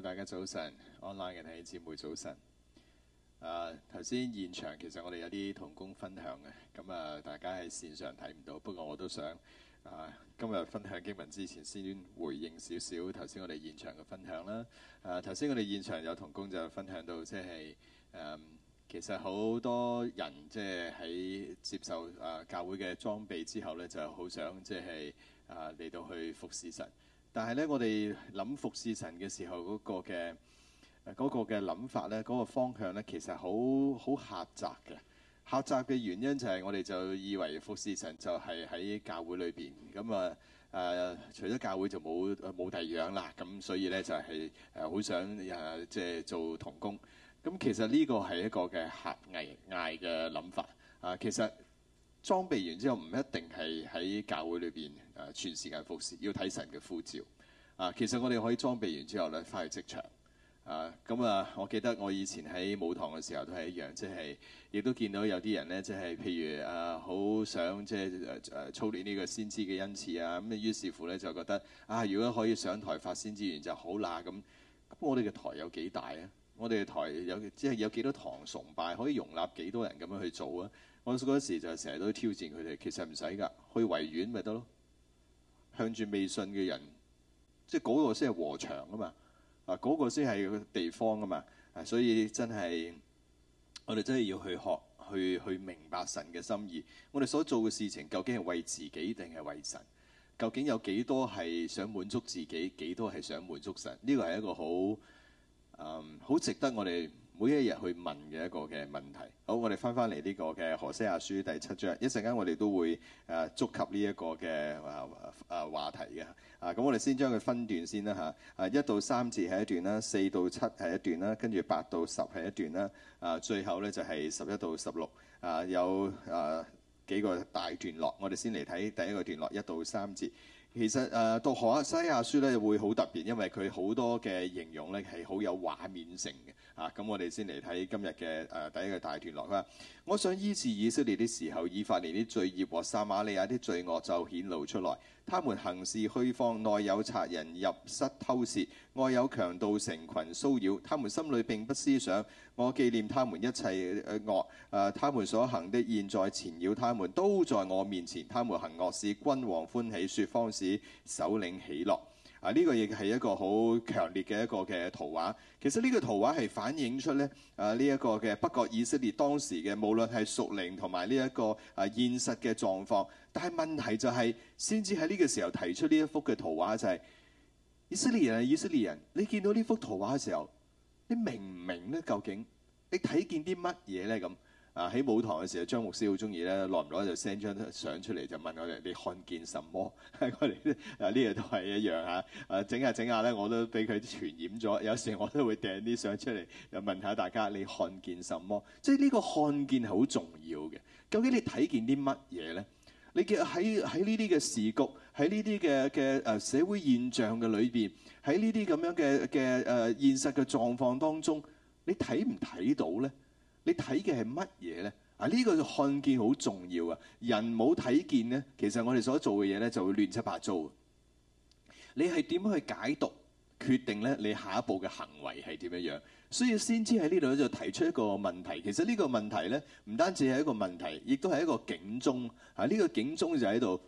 大家早晨，online 嘅弟兄姊妹早晨。啊，頭先現場其實我哋有啲同工分享嘅，咁啊，大家喺線上睇唔到，不過我都想啊，今日分享經文之前先回應少少頭先我哋現場嘅分享啦。啊，頭先我哋現場有同工就分享到、就是，即係誒，其實好多人即係喺接受啊教會嘅裝備之後咧，就好想即、就、係、是、啊嚟到去服侍神。但係咧，我哋諗服侍神嘅時候嗰個嘅嗰、嗰個嘅諗法咧，嗰、嗰個方向咧，其實好好狹窄嘅。狹窄嘅原因就係我哋就以為服侍神就係喺教會裏邊，咁啊誒、啊，除咗教會就冇冇第二樣啦。咁所以咧就係誒好想誒、啊、即係做同工。咁其實呢個係一個嘅狹隘嘅諗法啊，其實。裝備完之後唔一定係喺教會裏邊誒，全時間服侍，要睇神嘅呼召啊！其實我哋可以裝備完之後咧，翻去職場啊！咁啊，我記得我以前喺舞堂嘅時候都係一樣，即係亦都見到有啲人咧，即係譬如啊，好想即係誒誒操練呢個先知嘅恩賜啊！咁於是乎咧就覺得啊，如果可以上台發先知言就好喇咁。咁我哋嘅台有幾大啊？我哋嘅台有即係有幾多堂崇拜可以容納幾多人咁樣去做啊？我嗰時就係成日都挑戰佢哋，其實唔使㗎，去維園咪得咯。向住未信嘅人，即係嗰個先係禾場啊嘛，嗱、那、嗰個先係地方啊嘛，所以真係我哋真係要去學，去去明白神嘅心意。我哋所做嘅事情究竟係為自己定係為神？究竟有幾多係想滿足自己，幾多係想滿足神？呢個係一個好誒，好、嗯、值得我哋，每一日去問嘅一個嘅問題，好，我哋返返嚟呢個嘅何西阿書第七章，一陣間我哋都會誒、啊、觸及呢一個嘅啊啊話題嘅啊。咁我哋先將佢分段先啦嚇、啊，一到三節係一段啦，四到七係一段啦，跟住八到十係一段啦，啊，最後呢就係、是、十一到十六啊，有啊幾個大段落。我哋先嚟睇第一個段落，一到三節。其實誒讀何西阿書咧會好特別，因為佢好多嘅形容咧係好有畫面性嘅。啊，咁我哋先嚟睇今日嘅誒第一個大段落啦。啊我想醫治以色列的時候，以法蓮的罪孽和撒瑪利亞的罪惡就顯露出來。他們行事虛謊，內有賊人入室偷竊，外有強盜成群騷擾。他們心裏並不思想，我紀念他們一切惡惡、呃。他們所行的現在纏繞他們，都在我面前。他們行惡事，君王歡喜，説謊事，首領喜樂。啊！呢、這個亦係一個好強烈嘅一個嘅圖畫。其實呢個圖畫係反映出咧啊呢一、這個嘅北國以色列當時嘅無論係屬靈同埋呢一個啊現實嘅狀況。但係問題就係、是，先至喺呢個時候提出呢一幅嘅圖畫就係、是、以色列人係以色列人。你見到呢幅圖畫嘅時候，你明唔明咧？究竟你睇見啲乜嘢咧？咁？啊！喺舞台嘅時候，張牧師好中意咧，耐唔耐就 send 張相出嚟，就問我哋：你看見什麼？我 哋啊，呢樣都係一樣嚇。啊，整下整下咧，我都俾佢傳染咗。有時我都會掟啲相出嚟，就問下大家：你看見什麼？即係呢個看見係好重要嘅。究竟你睇見啲乜嘢咧？你嘅喺喺呢啲嘅時局，喺呢啲嘅嘅誒社會現象嘅裏邊，喺呢啲咁樣嘅嘅誒現實嘅狀況當中，你睇唔睇到咧？你睇嘅係乜嘢呢？啊，呢個看見好重要啊！人冇睇見呢，其實我哋所做嘅嘢呢，就會亂七八糟。你係點樣去解讀、決定咧？你下一步嘅行為係點樣樣？所以先知喺呢度就提出一個問題。其實呢個問題呢，唔單止係一個問題，亦都係一個警鐘。啊，呢個警鐘就喺度。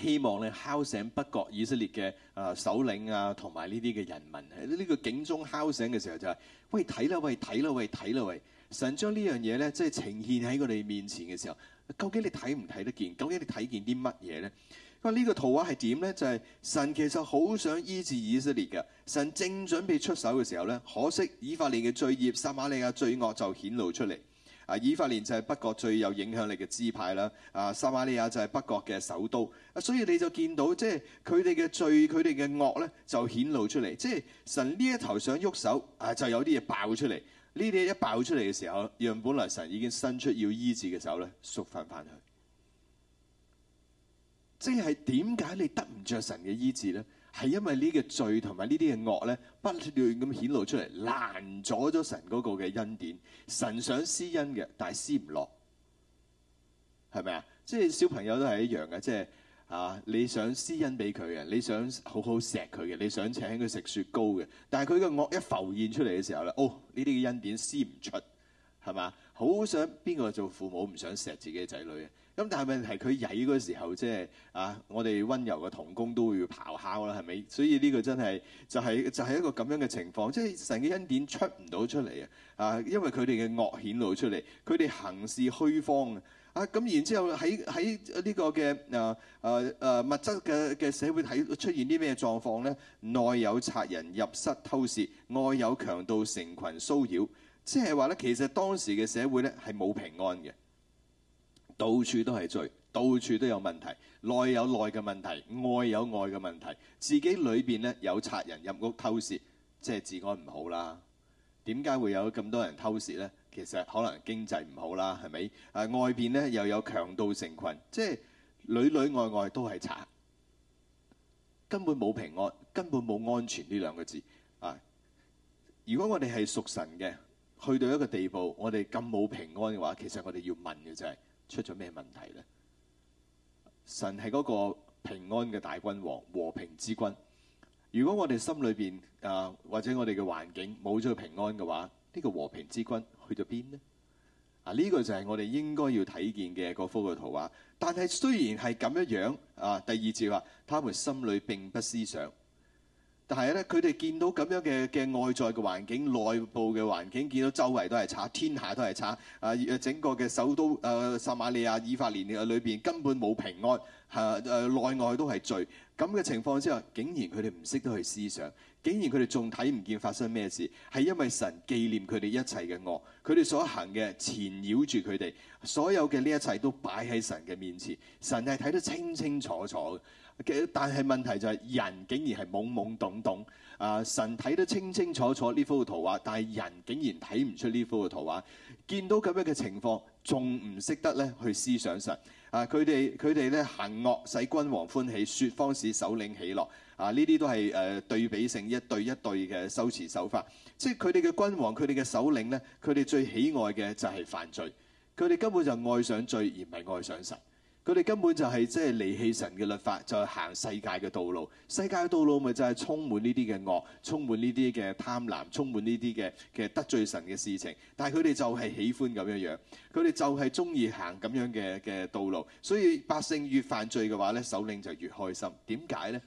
希望你敲醒北國以色列嘅啊首領啊同埋呢啲嘅人民，呢、這個警鐘敲醒嘅時候就係、是，喂睇啦喂睇啦喂睇啦喂，神將這件事呢樣嘢咧即係呈現喺佢哋面前嘅時候，究竟你睇唔睇得見？究竟你睇見啲乜嘢咧？咁呢個圖畫係點咧？就係、是、神其實好想醫治以色列嘅，神正準備出手嘅時候咧，可惜以法蓮嘅罪孽，撒瑪利亞罪惡就顯露出嚟。啊，以法蓮就係北國最有影響力嘅支派啦。啊，撒瑪利亞就係北國嘅首都。啊，所以你就見到，即係佢哋嘅罪，佢哋嘅惡咧，就顯露出嚟。即係神呢一頭想喐手，啊，就有啲嘢爆出嚟。呢啲嘢一爆出嚟嘅時候，讓本來神已經伸出要醫治嘅手咧，縮返翻去。即係點解你得唔着神嘅醫治咧？係因為呢個罪同埋呢啲嘅惡咧，不斷咁顯露出嚟，攔阻咗神嗰個嘅恩典。神想施恩嘅，但係施唔落，係咪啊？即係小朋友都係一樣嘅，即係啊！你想施恩俾佢嘅，你想好好錫佢嘅，你想請佢食雪糕嘅，但係佢嘅惡一浮現出嚟嘅時候咧，哦，呢啲嘅恩典施唔出，係嘛？好想邊個做父母唔想錫自己嘅仔女啊？咁但係問題，佢曳嗰時候，即係啊，我哋溫柔嘅同工都會咆哮啦，係咪？所以呢個真係就係就係一個咁樣嘅情況，即係神嘅恩典出唔到出嚟啊！啊，因為佢哋嘅惡顯露出嚟，佢哋行事虛謊啊！咁然之後喺喺呢個嘅啊啊啊物質嘅嘅社會睇出現啲咩狀況咧？內有賊人入室偷竊，外有強盜成群騷擾，即係話咧，其實當時嘅社會咧係冇平安嘅。到處都係罪，到處都有問題。內有內嘅問題，外有外嘅問題。自己裏邊呢，有賊人入屋偷竊，即係治安唔好啦。點解會有咁多人偷竊呢？其實可能經濟唔好啦，係咪？誒、啊、外邊呢，又有強盜成羣，即係裏裏外外都係賊，根本冇平安，根本冇安全呢兩個字啊！如果我哋係屬神嘅，去到一個地步，我哋咁冇平安嘅話，其實我哋要問嘅就係、是。出咗咩問題呢？神係嗰個平安嘅大君王，和平之君。如果我哋心裏面，啊，或者我哋嘅環境冇咗平安嘅話，呢個和平之君去咗邊呢？啊，呢個就係我哋應該要睇見嘅嗰幅嘅圖畫。但係雖然係咁一樣啊，第二節話，他們心裏並不思想。但係咧，佢哋見到咁樣嘅嘅外在嘅環境、內部嘅環境，見到周圍都係差，天下都係差，啊、呃、整個嘅首都誒、呃、撒瑪利亞、以法蓮嘅裏面根本冇平安，嚇、呃呃、內內外都係罪。咁嘅情況之下，竟然佢哋唔識得去思想，竟然佢哋仲睇唔見發生咩事，係因為神紀念佢哋一切嘅惡，佢哋所行嘅纏繞住佢哋，所有嘅呢一切都擺喺神嘅面前，神係睇得清清楚楚嘅。但係問題就係人竟然係懵懵懂懂，啊！神睇得清清楚楚呢幅嘅圖畫，但係人竟然睇唔出呢幅嘅圖畫。見到咁樣嘅情況，仲唔識得咧去思想神啊？佢哋佢哋咧行惡，使君王歡喜，説謊使首領喜樂啊！呢啲都係誒、呃、對比性一對一對嘅修辭手法。即係佢哋嘅君王，佢哋嘅首領咧，佢哋最喜愛嘅就係犯罪，佢哋根本就愛上罪而唔係愛上神。佢哋根本就係即係離棄神嘅律法，就係行世界嘅道路。世界嘅道路咪就係充滿呢啲嘅惡，充滿呢啲嘅貪婪，充滿呢啲嘅其實得罪神嘅事情。但係佢哋就係喜歡咁樣樣，佢哋就係中意行咁樣嘅嘅道路。所以百姓越犯罪嘅話咧，首領就越開心。點解咧？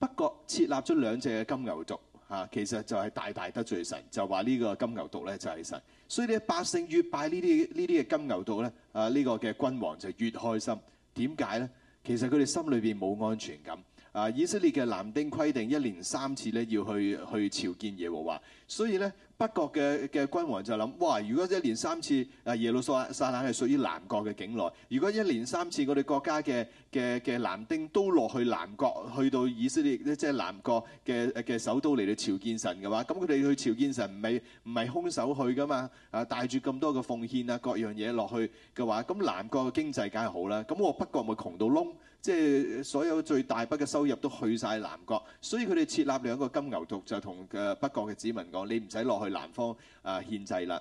不過設立咗兩隻嘅金牛族。啊，其實就係大大得罪神，就話呢個金牛犢咧就係、是、神，所以啲百姓越拜呢啲呢啲嘅金牛犢咧，啊呢、這個嘅君王就越開心，點解咧？其實佢哋心裏邊冇安全感，啊以色列嘅藍丁規定一年三次咧要去去朝見耶和華，所以咧。北國嘅嘅君王就諗，哇！如果一連三次啊耶路撒撒冷係屬於南國嘅境內，如果一連三次我哋國家嘅嘅嘅男丁都落去南國去到以色列即係南國嘅嘅首都嚟到朝見神嘅話，咁佢哋去朝見神唔係唔係空手去㗎嘛？啊，帶住咁多嘅奉獻啊，各樣嘢落去嘅話，咁南國嘅經濟梗係好啦，咁我北國咪窮到窿？即係所有最大筆嘅收入都去晒南國，所以佢哋設立兩個金牛犢，就同嘅北國嘅子民講：你唔使落去南方啊，獻祭啦，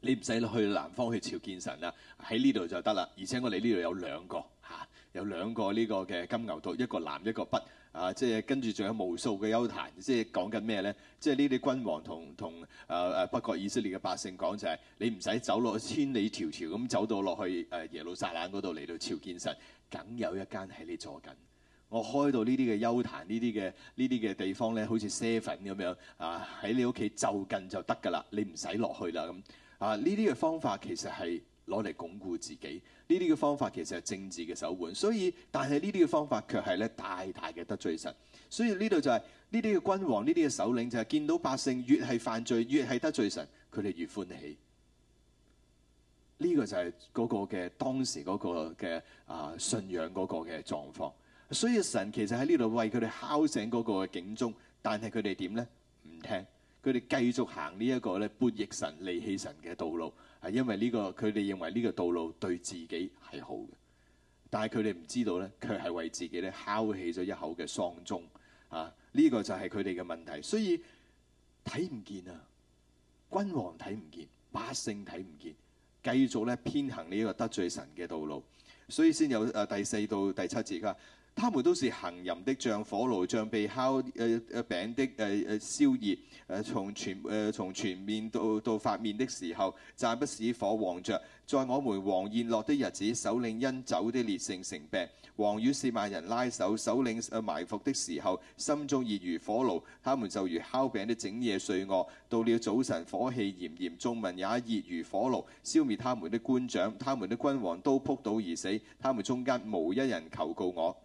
你唔使落去南方去朝見神啦，喺呢度就得啦。而且我哋呢度有兩個嚇、啊，有兩個呢個嘅金牛犢，一個南一個北啊。即係跟住仲有無數嘅丘壇，即係講緊咩呢？即係呢啲君王同同啊啊北國以色列嘅百姓講就係、是、你唔使走落千里迢迢咁走到落去誒耶路撒冷嗰度嚟到朝見神。梗有一間喺你坐緊，我開到呢啲嘅邱壇，呢啲嘅呢啲嘅地方咧，好似 seven 咁樣啊，喺你屋企就近就得㗎啦，你唔使落去啦咁啊。呢啲嘅方法其實係攞嚟鞏固自己，呢啲嘅方法其實係政治嘅手腕，所以但係呢啲嘅方法卻係咧大大嘅得罪神。所以呢度就係呢啲嘅君王，呢啲嘅首領就係見到百姓越係犯罪，越係得罪神，佢哋越歡喜。呢個就係嗰個嘅當時嗰個嘅啊信仰嗰個嘅狀況，所以神其實喺呢度為佢哋敲醒嗰個警鐘，但係佢哋點呢？唔聽，佢哋繼續行呢、這、一個咧背逆神、離棄神嘅道路，係因為呢、這個佢哋認為呢個道路對自己係好嘅，但係佢哋唔知道咧，佢係為自己咧敲起咗一口嘅喪鐘啊！呢、這個就係佢哋嘅問題，所以睇唔見啊，君王睇唔見，百姓睇唔見。繼續咧偏行呢個得罪神嘅道路，所以先有誒第四到第七節噶。他們都是行淫的像火爐，像被烤誒誒、呃、餅的誒誒、呃、燒熱誒、呃。從全誒、呃、從全麵到到發麵的時候，暫不使火旺着。在我們王宴樂的日子，首領因酒的烈性成病。王與四萬人拉手，首領誒埋伏的時候，心中熱如火爐，他們就如烤餅的整夜睡臥。到了早晨，火氣炎炎，眾民也熱如火爐，消滅他們的官長，他們的君王都撲倒而死，他們中間無一人求告我。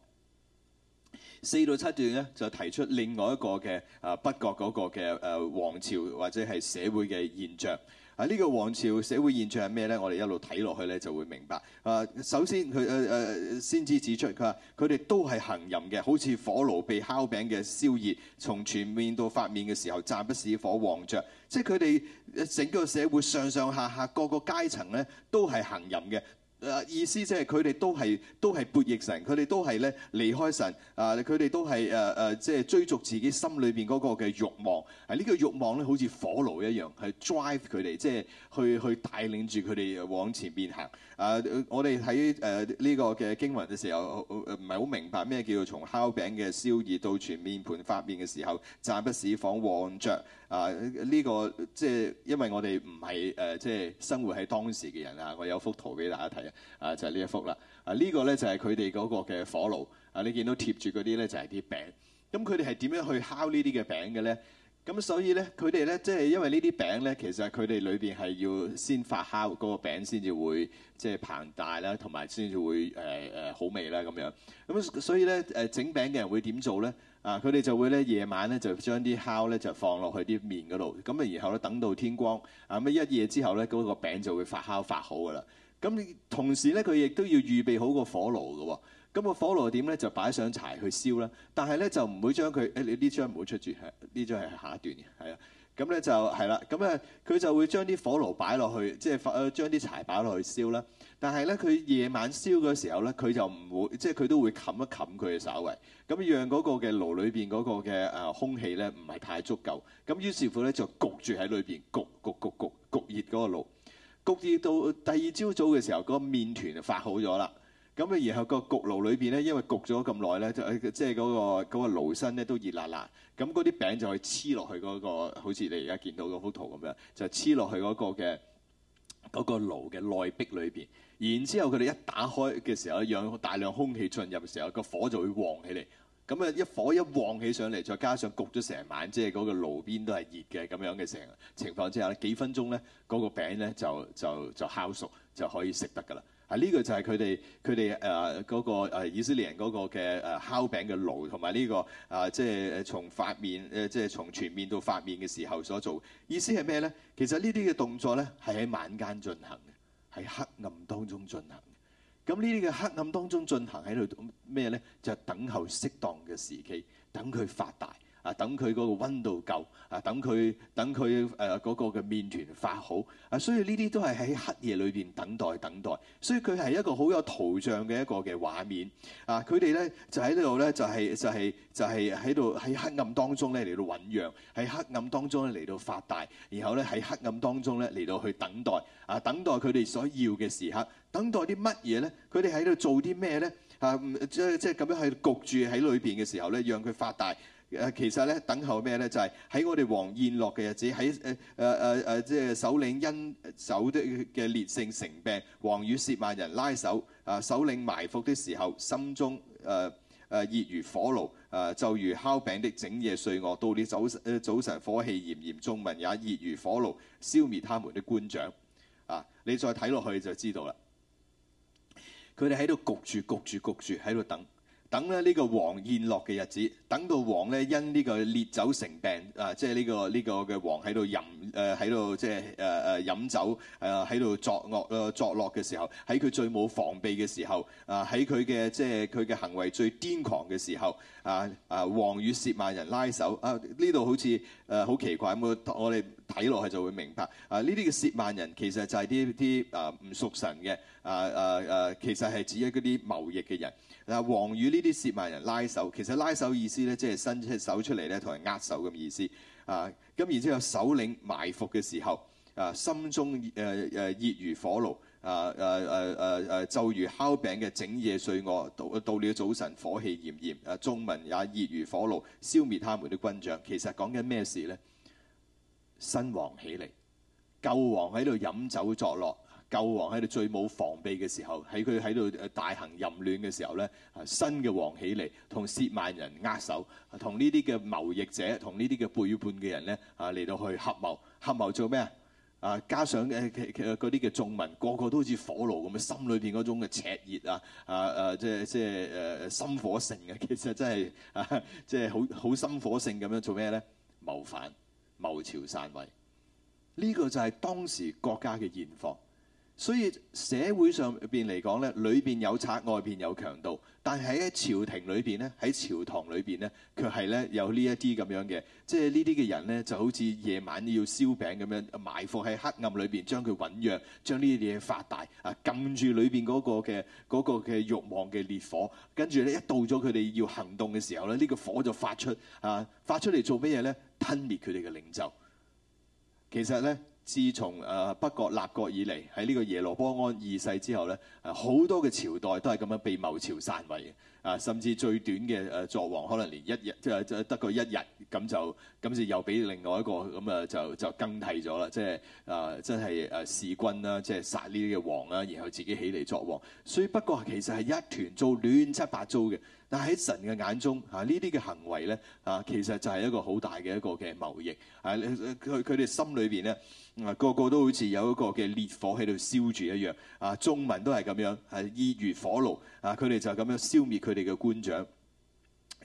四到七段咧就提出另外一個嘅啊北國嗰個嘅誒王朝或者係社會嘅現象，喺、啊、呢、呢個王朝社會現象係咩咧？我哋一路睇落去咧就會明白。啊，首先佢誒誒先至指出佢話佢哋都係行淫嘅，好似火爐被烤餅嘅燒熱，從全麵到發麵嘅時候暫不使火旺著，即係佢哋整個社會上上下下個個階層咧都係行淫嘅。意思即係佢哋都係都係悖逆神，佢哋都係咧離開神啊！佢哋都係誒誒，即係追逐自己心裏邊嗰個嘅慾望。係呢個慾望咧，好似火爐一樣，係 drive 佢哋，即係去去帶領住佢哋往前邊行。啊！我哋喺誒呢個嘅經文嘅時候，唔係好明白咩叫做從烤餅嘅燒熱到全麵盤發麵嘅時候，暫不使房旺着。啊！呢個即係因為我哋唔係誒，即係生活喺當時嘅人啊！我有幅圖俾大家睇啊！啊，就係呢一幅啦！啊，呢個咧就係佢哋嗰個嘅火爐啊！你見到貼住嗰啲咧就係啲餅。咁佢哋係點樣去烤呢啲嘅餅嘅咧？咁所以咧，佢哋咧即係因為呢啲餅咧，其實佢哋裏邊係要先發酵嗰個餅先至會即係膨大啦，同埋先至會呃呃好味啦咁樣。咁所以咧誒整餅嘅人會點做咧？啊！佢哋就會咧夜晚咧就將啲烤咧就放落去啲麵嗰度，咁啊然後咧等到天光，啊咁一夜之後咧嗰個餅就會發酵發好噶啦。咁同時咧佢亦都要預備好個火爐噶喎。咁個火爐點咧就擺上柴去燒啦。但係咧就唔會將佢、哎、你呢張唔好出住，呢張係下一段嘅，係啊。咁咧就係啦，咁咧佢就會將啲火爐擺落去，即係將啲柴擺落去燒啦。但係咧，佢夜晚燒嘅時候咧，佢就唔會，即係佢都會冚一冚佢嘅手圍，咁讓嗰個嘅爐裏面嗰個嘅空氣咧唔係太足夠。咁於是乎咧就焗住喺裏面，焗焗焗焗焗焗熱嗰個爐，焗熱到第二朝早嘅時候，嗰個麵團就發好咗啦。咁咧，然後個焗爐裏邊咧，因為焗咗咁耐咧，即係嗰個嗰個爐身咧都熱辣辣。咁嗰啲餅就可以去黐落去嗰個，好似你而家見到嗰幅圖咁樣，就黐落去嗰個嘅嗰個爐嘅內壁裏邊。然之後佢哋一打開嘅時候，讓大量空氣進入嘅時候，個火就會旺起嚟。咁啊，一火一旺起上嚟，再加上焗咗成晚，即係嗰個爐邊都係熱嘅咁樣嘅成情況之下咧，幾分鐘咧，嗰個餅咧就就就，就烤熟，就可以食得噶啦。呢、啊呢個就係佢哋佢哋誒嗰個、啊、以色列人嗰個嘅誒烤餅嘅爐，同埋呢個啊即係、就是、從發麵誒，即、啊、係、就是、從全麵到發麵嘅時候所做。意思係咩咧？其實呢啲嘅動作咧係喺晚間進行嘅，喺黑暗當中進行嘅。咁呢啲嘅黑暗當中進行喺度咩咧？就係、等候適當嘅時期，等佢發大，啊！等佢嗰個溫度夠啊！等佢等佢誒嗰個嘅麵團發好啊！所以呢啲都係喺黑夜裏邊等待等待，所以佢係一個好有圖像嘅一個嘅畫面啊！佢哋咧就喺度咧就係就係就係喺度喺黑暗當中咧嚟到醞釀，喺黑暗當中咧嚟到發大，然後咧喺黑暗當中咧嚟到去等待啊！等待佢哋所要嘅時刻，等待啲乜嘢咧？佢哋喺度做啲咩咧？啊！即即係咁樣喺焗住喺裏邊嘅時候咧，讓佢發大。誒其實咧，等候咩咧？就係喺我哋王宴樂嘅日子，喺誒誒誒誒，即係首領因酒的嘅烈性成病，王與褻慢人拉手，啊，首領埋伏的時候，心中誒誒熱如火爐，啊，就如烤餅的整夜睡臥，到你早誒早晨火氣炎炎，眾民也熱如火爐，消滅他們的官長。啊，你再睇落去就知道啦。佢哋喺度焗住焗住焗住，喺度等。等咧，呢個王宴樂嘅日子，等到王咧因呢個烈酒成病啊，即係呢個呢個嘅王喺度飲誒喺度即係誒誒飲酒誒喺度作惡啊作樂嘅時候，喺佢最冇防備嘅時候啊，喺佢嘅即係佢嘅行為最顛狂嘅時候啊，啊王與褻慢人拉手啊，呢度好似誒好奇怪，我我哋睇落去就會明白啊，呢啲嘅褻慢人其實就係啲啲啊唔屬神嘅。啊啊啊！其實係指一嗰啲貿易嘅人，啊王與呢啲褻慢人拉手，其實拉手意思咧，即係伸出隻手出嚟咧，同人握手咁意思。啊，咁然之後，首領埋伏嘅時候，啊心中誒誒熱如火爐，啊啊啊啊啊，就如烤餅嘅整夜睡臥，到到了早晨火氣炎炎，啊眾民也熱如火爐，消滅他們啲軍將。其實講緊咩事咧？新王起嚟，舊王喺度飲酒作樂。救王喺度最冇防備嘅時候，喺佢喺度大行淫亂嘅時候咧，啊新嘅王起嚟，同褻慢人握手，同呢啲嘅謀逆者，同呢啲嘅背叛嘅人咧，啊嚟到去合謀，合謀做咩啊？啊加上嘅嘅嘅嗰啲嘅眾民，個個都好似火爐咁樣，心裏邊嗰種嘅赤熱啊啊啊！即係即係誒心火盛嘅，其實真係啊，即係好好心火盛咁樣做咩咧？謀反、謀朝篡位，呢個就係當時國家嘅現況。所以社會上邊嚟講咧，裏邊有賊，外邊有強盜。但係喺朝廷裏邊咧，喺朝堂裏邊咧，卻係咧有呢一啲咁樣嘅，即係呢啲嘅人咧，就好似夜晚要燒餅咁樣埋伏喺黑暗裏邊，將佢醞釀，將呢啲嘢發大啊，撳住裏邊嗰個嘅嗰、嗰個嘅慾望嘅烈火，跟住咧一到咗佢哋要行動嘅時候咧，呢、呢個火就發出啊，發出嚟做咩嘢咧？吞滅佢哋嘅領袖。其實咧。自從誒北、啊、國立國以嚟，喺呢個耶羅波安二世之後咧，誒、啊、好多嘅朝代都係咁樣被謀朝篡位嘅，啊甚至最短嘅、啊、作王可能連一日，即、啊、即得過一日咁就，咁就又俾另外一個咁就就更替咗啦，即係誒、啊、真係誒、啊、弒君啦、啊，即係殺呢啲嘅王啦，然後自己起嚟作王，所以北國其實係一團糟、亂七八糟嘅。但喺神嘅眼中，啊呢啲嘅行為咧，啊其實就係一個好大嘅一個嘅貿易，啊佢佢哋心裏邊咧，啊個個都好似有一個嘅烈火喺度燒住一樣，啊眾民都係咁樣，啊熱如火爐，啊佢哋就咁樣消滅佢哋嘅官長，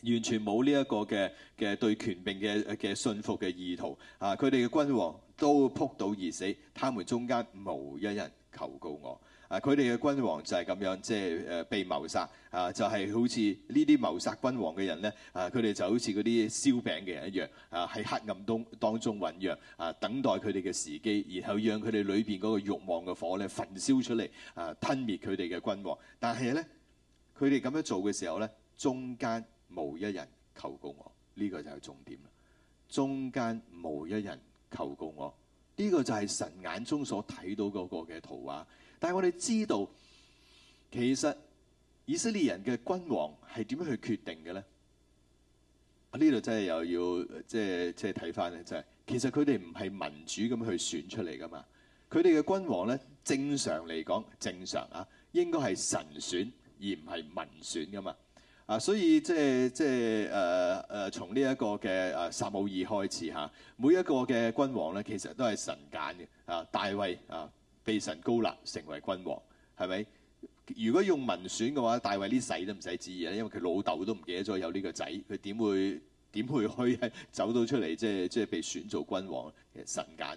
完全冇呢一個嘅嘅對權柄嘅嘅信服嘅意圖，啊佢哋嘅君王都撲倒而死，他們中間冇一人求告我。啊！佢哋嘅君王就係咁樣，即係誒被謀殺啊！就係、是、好似呢啲謀殺君王嘅人咧，啊！佢哋就好似嗰啲燒餅嘅人一樣啊，喺黑暗中當中醖釀啊，等待佢哋嘅時機，然後讓佢哋裏邊嗰個慾望嘅火咧，焚燒出嚟啊，吞滅佢哋嘅君王。但係咧，佢哋咁樣做嘅時候咧，中間無一人求告我。呢、這個就係重點啦！中間無一人求告我。呢、這個就係神眼中所睇到嗰個嘅圖畫。但係我哋知道，其實以色列人嘅君王係點樣去決定嘅咧？啊，呢度真係又要即係即係睇翻咧，即係其實佢哋唔係民主咁去選出嚟噶嘛。佢哋嘅君王咧，正常嚟講，正常啊，應該係神選而唔係民選噶嘛。啊，所以即係即係誒誒，從呢一個嘅誒撒母耳開始嚇，每一個嘅君王咧，其實都係神揀嘅啊，大衛啊。被神高立成為君王，係咪？如果用民選嘅話，大衛呢世都唔使旨意啦，因為佢老豆都唔記得咗有呢個仔，佢點會點會去走到出嚟，即係即係被選做君王？神揀嘅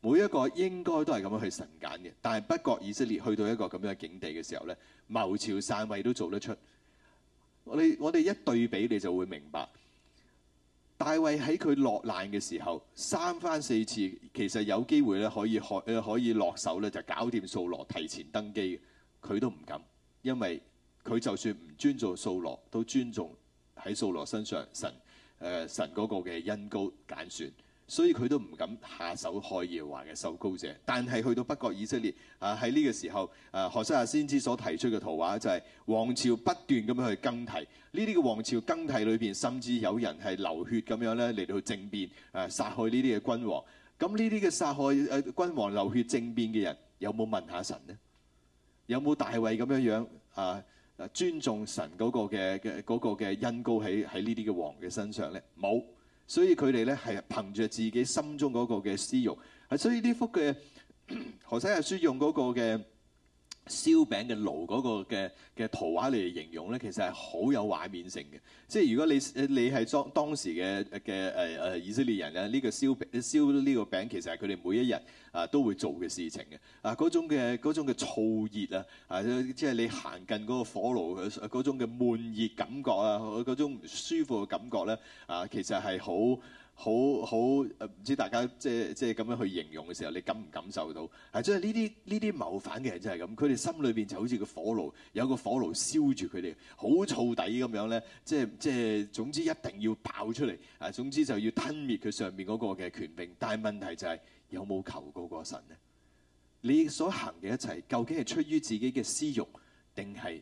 每一個應該都係咁樣去神揀嘅，但係不過以色列去到一個咁樣嘅境地嘅時候咧，謀朝篡位都做得出。我哋我哋一對比，你就會明白。大衛喺佢落難嘅時候，三番四次其實有機會咧，可以可誒可以落手咧就搞掂掃羅，提前登基嘅，佢都唔敢，因為佢就算唔尊重掃羅都尊重喺掃羅身上神誒、呃、神個嘅恩膏揀選。所以佢都唔敢下手害耶和華嘅受膏者，但係去到北國以色列，啊喺呢個時候，啊何西阿先知所提出嘅圖畫就係皇朝不斷咁樣去更替，呢啲嘅皇朝更替裏邊，甚至有人係流血咁樣咧嚟到政變，誒殺害呢啲嘅君王。咁呢啲嘅殺害誒君王流血政變嘅人，有冇問下神呢？有冇大衛咁樣樣啊？尊重神嗰個嘅嘅嗰嘅恩膏喺喺呢啲嘅王嘅身上咧？冇。所以佢哋咧係憑著自己心中嗰個嘅私欲。係所以呢幅嘅《何西阿書》用嗰個嘅。燒餅嘅爐嗰個嘅嘅圖畫嚟形容咧，其實係好有畫面性嘅。即係如果你你係當當時嘅嘅誒誒以色列人咧，呢個燒餅，燒呢個餅其實係佢哋每一日啊都會做嘅事情嘅。啊，嗰種嘅嗰種嘅燥熱啊，啊即係你行近嗰個火爐嗰種嘅悶熱感覺啊，嗰種唔舒服嘅感覺咧，啊其實係好。好好誒，唔知大家即係即係咁樣去形容嘅時候，你感唔感受到？係、啊、即係呢啲呢啲謀反嘅人就係咁，佢哋心裏邊就好似個火爐，有個火爐燒住佢哋，好燥底咁樣咧。即係即係總之一定要爆出嚟。啊，總之就要吞滅佢上面嗰個嘅權柄。但係問題就係、是、有冇求過個神呢？你所行嘅一切，究竟係出於自己嘅私欲定係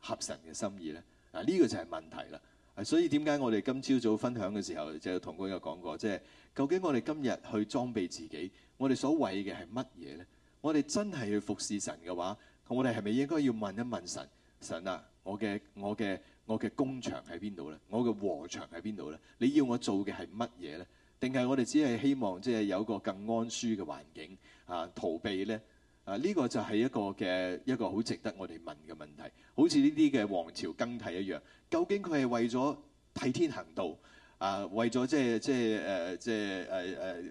合神嘅心意咧？嗱、啊，呢、個就係問題啦。所以點解我哋今朝早分享嘅時候就同各位講過，即係究竟我哋今日去裝備自己，我哋所謂嘅係乜嘢咧？我哋真係去服侍神嘅話，我哋係咪應該要問一問神？神啊，我嘅我嘅我嘅工場喺邊度咧？我嘅禾場喺邊度咧？你要我做嘅係乜嘢咧？定係我哋只係希望即係有一個更安舒嘅環境啊，逃避咧？啊！呢、這個就係一個嘅一個好值得我哋問嘅問題，好似呢啲嘅王朝更替一樣，究竟佢係為咗替天行道啊？為咗即係即係誒、呃、即係誒誒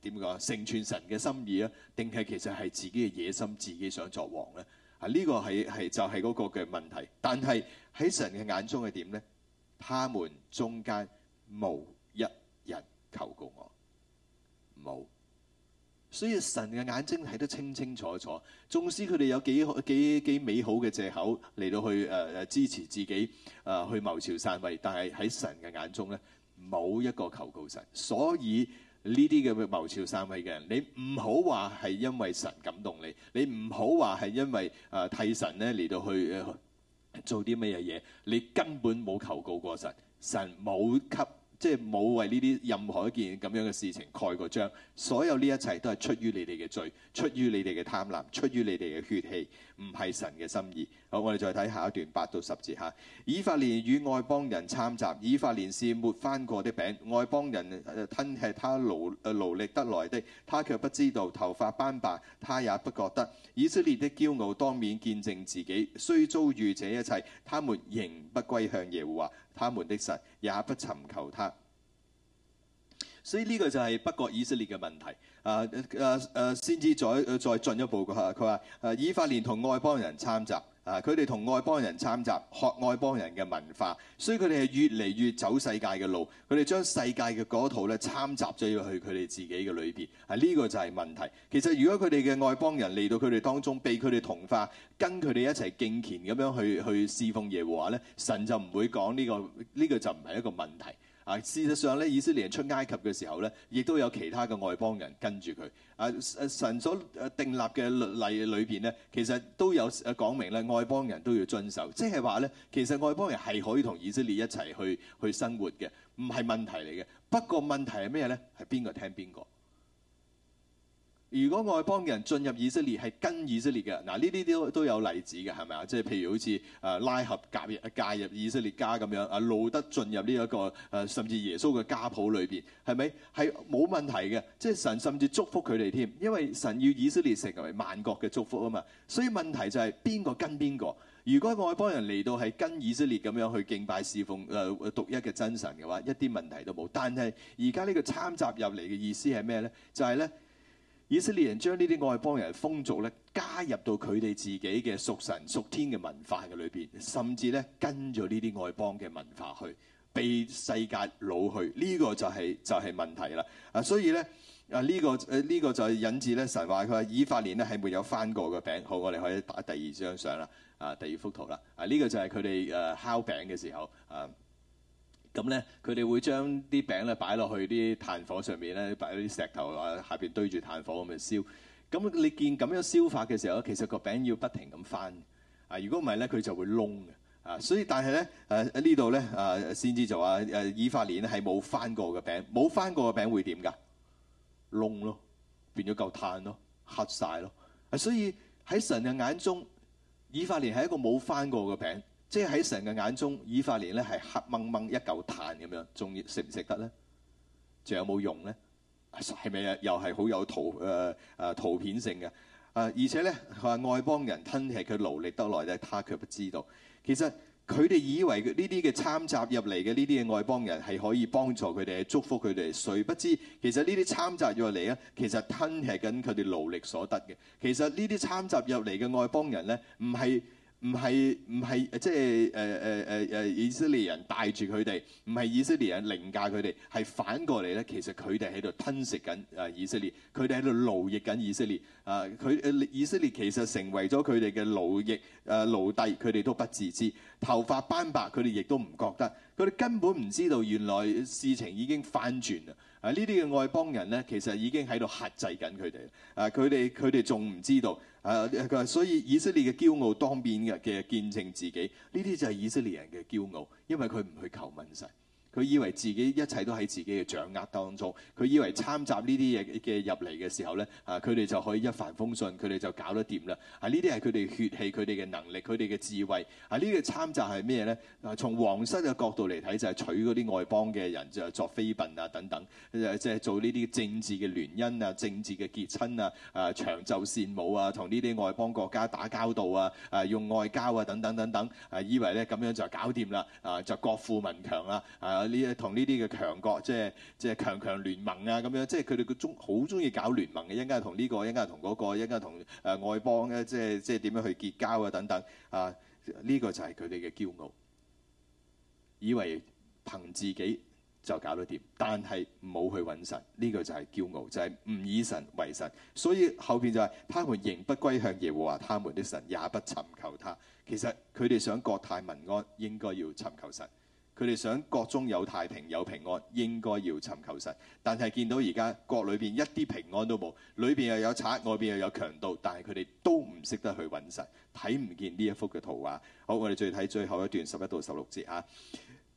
點講？成全神嘅心意啊？定係其實係自己嘅野心，自己想作王咧？啊！呢、這個係係就係、是、嗰個嘅問題。但係喺神嘅眼中係點咧？他們中間冇一人求告我，冇。所以神嘅眼睛睇得清清楚楚，縱使佢哋有幾好、幾幾美好嘅藉口嚟到去誒誒支持自己啊去謀朝篡位，但係喺神嘅眼中咧，冇一個求告神。所以呢啲嘅謀朝篡位嘅人，你唔好話係因為神感動你，你唔好話係因為啊替神咧嚟到去做啲乜嘢嘢，你根本冇求告過神，神冇給。即係冇為呢啲任何一件咁樣嘅事情蓋過章，所有呢一切都係出於你哋嘅罪，出於你哋嘅貪婪，出於你哋嘅血氣，唔係神嘅心意。好，我哋再睇下一段八到十節。吓，以法蓮與外邦人參雜，以法蓮是沒翻過的餅，外邦人吞吃他勞、呃、勞力得來的，他卻不知道頭髮斑白，他也不覺得。以色列的驕傲當面見證自己，雖遭遇這一切，他們仍不歸向耶和華，他們的神也不尋求他。所以呢個就係北國以色列嘅問題。誒誒誒，先至再再進一步嘅佢話誒，以法蓮同外邦人參集，啊，佢哋同外邦人參集學外邦人嘅文化。所以佢哋係越嚟越走世界嘅路。佢哋將世界嘅嗰套咧參雜咗入去佢哋自己嘅裏邊。啊，呢個就係問題。其實如果佢哋嘅外邦人嚟到佢哋當中，被佢哋同化，跟佢哋一齊敬虔咁樣去去侍奉耶和華咧，神就唔會講呢個呢個就唔係一個問題。啊，事實上咧，以色列人出埃及嘅時候咧，亦都有其他嘅外邦人跟住佢。啊，神所定立嘅律例裏邊咧，其實都有講明咧，外邦人都要遵守，即係話咧，其實外邦人係可以同以色列一齊去去生活嘅，唔係問題嚟嘅。不過問題係咩咧？係邊個聽邊個？如果外邦人進入以色列係跟以色列嘅，嗱，呢啲都都有例子嘅，係咪啊？即係譬如好似誒拉合夾介入以色列家咁樣啊，路得進入呢一個誒甚至耶穌嘅家譜裏邊，係咪？係冇問題嘅，即係神甚至祝福佢哋添，因為神要以色列成為萬國嘅祝福啊嘛。所以問題就係邊個跟邊個？如果外邦人嚟到係跟以色列咁樣去敬拜侍奉誒獨一嘅真神嘅話，一啲問題都冇。但係而家呢個參雜入嚟嘅意思係咩咧？就係咧。以色列人將呢啲外邦人風俗咧加入到佢哋自己嘅屬神屬天嘅文化嘅裏邊，甚至咧跟咗呢啲外邦嘅文化去被世界老去。呢個就係就係問題啦。啊，所以咧啊呢個啊呢個就係引致咧神話佢話以法蓮咧係沒有翻過嘅餅。好，我哋可以打第二張相啦。啊，第二幅圖啦。啊，呢個就係佢哋誒烤餅嘅時候啊。咁咧，佢哋會將啲餅咧擺落去啲炭火上面，咧，擺啲石頭啊下面堆住炭火咁去燒。咁你見咁樣燒法嘅時候，其實個餅要不停咁翻啊！如果唔係咧，佢就會燶嘅啊。所以但係咧，啊、呢度咧先至就話以法蓮係冇翻過嘅餅，冇翻過嘅餅會點㗎？燶咯，變咗嚿炭咯，黑晒咯。啊，所以喺神嘅眼中，以法蓮係一個冇翻過嘅餅。即係喺神嘅眼中，以法蓮咧係黑掹掹一嚿炭咁樣，仲要食唔食得咧？仲有冇用咧？係咪啊又係好有圖誒誒、呃、圖片性嘅？誒、呃、而且咧佢話外邦人吞食佢勞力得來咧，他卻不知道。其實佢哋以為呢啲嘅參雜入嚟嘅呢啲嘅外邦人係可以幫助佢哋、祝福佢哋，誰不知其實呢啲參雜入嚟啊，其實吞食緊佢哋勞力所得嘅。其實呢啲參雜入嚟嘅外邦人咧，唔係。唔係唔係，即係誒誒誒誒，以色列人帶住佢哋，唔係以色列人凌駕佢哋，係反過嚟咧。其實佢哋喺度吞食緊啊，以色列，佢哋喺度奴役緊以色列啊。佢誒以色列其實成為咗佢哋嘅奴役誒、啊、奴隸，佢哋都不自知，頭髮斑白，佢哋亦都唔覺得，佢哋根本唔知道原來事情已經翻轉啦。啊，呢啲嘅外邦人咧，其實已經喺度轄制緊佢哋啊，佢哋佢哋仲唔知道？啊，所以以色列嘅驕傲當面嘅見證自己，呢啲就係以色列人嘅驕傲，因為佢唔去求問神。佢以為自己一切都喺自己嘅掌握當中，佢以為參雜呢啲嘢嘅入嚟嘅時候咧，啊，佢哋就可以一帆風順，佢哋就搞得掂啦。啊，呢啲係佢哋血氣、佢哋嘅能力、佢哋嘅智慧。啊，這些參集是什麼，呢個參雜係咩咧？啊，從皇室嘅角度嚟睇就係、是、娶嗰啲外邦嘅人就作妃嬪啊等等，即、啊、係、就是、做呢啲政治嘅聯姻啊、政治嘅結親啊、啊長袖善舞啊，同呢啲外邦國家打交道啊，啊用外交啊，啊，外交啊等等等等，啊以為咧咁樣就搞掂啦，啊就國富民強啦，啊。呢同呢啲嘅強國，即係即係強強聯盟啊，咁樣即係佢哋嘅鍾好鍾意搞聯盟嘅，一陣間同呢個，一陣間同嗰個，一陣間同誒外邦嘅，即係即係點樣去結交啊等等啊？呢、這個就係佢哋嘅驕傲，以為憑自己就搞到掂，但係冇去揾神，呢、這個就係驕傲，就係、是、唔以神為神。所以後面就係、是、他們仍不歸向耶和華他們的神，也不尋求他。其實佢哋想國泰民安，應該要尋求神。佢哋想國中有太平有平安，應該要尋求神。但係見到而家國裏邊一啲平安都冇，裏邊又有賊，外邊又有強盜，但係佢哋都唔識得去揾神，睇唔見呢一幅嘅圖畫。好，我哋再睇最後一段十一到十六節吓。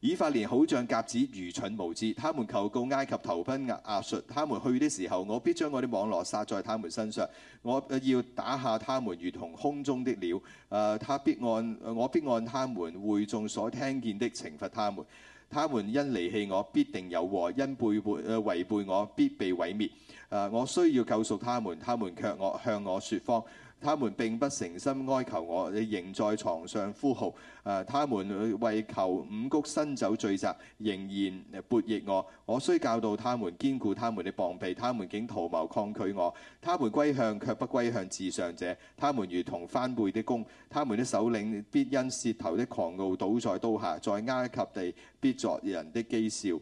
以法蓮好像鴿子，愚蠢無知。他們求告埃及投奔亞述，他們去的時候，我必將我的網羅撒在他們身上，我要打下他們，如同空中的鳥。啊、呃，他必按我必按他們會眾所聽見的懲罰他們。他們因離棄我必定有禍，因背叛、呃、違背我必被毀滅。啊、呃，我需要救贖他們，他們卻我向我說謊。他們並不誠心哀求我，仍在床上呼號。呃、他們為求五穀新酒聚集，仍然悖逆我。我雖教導他們，堅固他們的膀臂，他們竟圖謀抗拒我。他們歸向，卻不歸向至上者。他們如同翻背的弓。他們的首領必因舌頭的狂傲倒在刀下，在埃及地必作人的譏笑。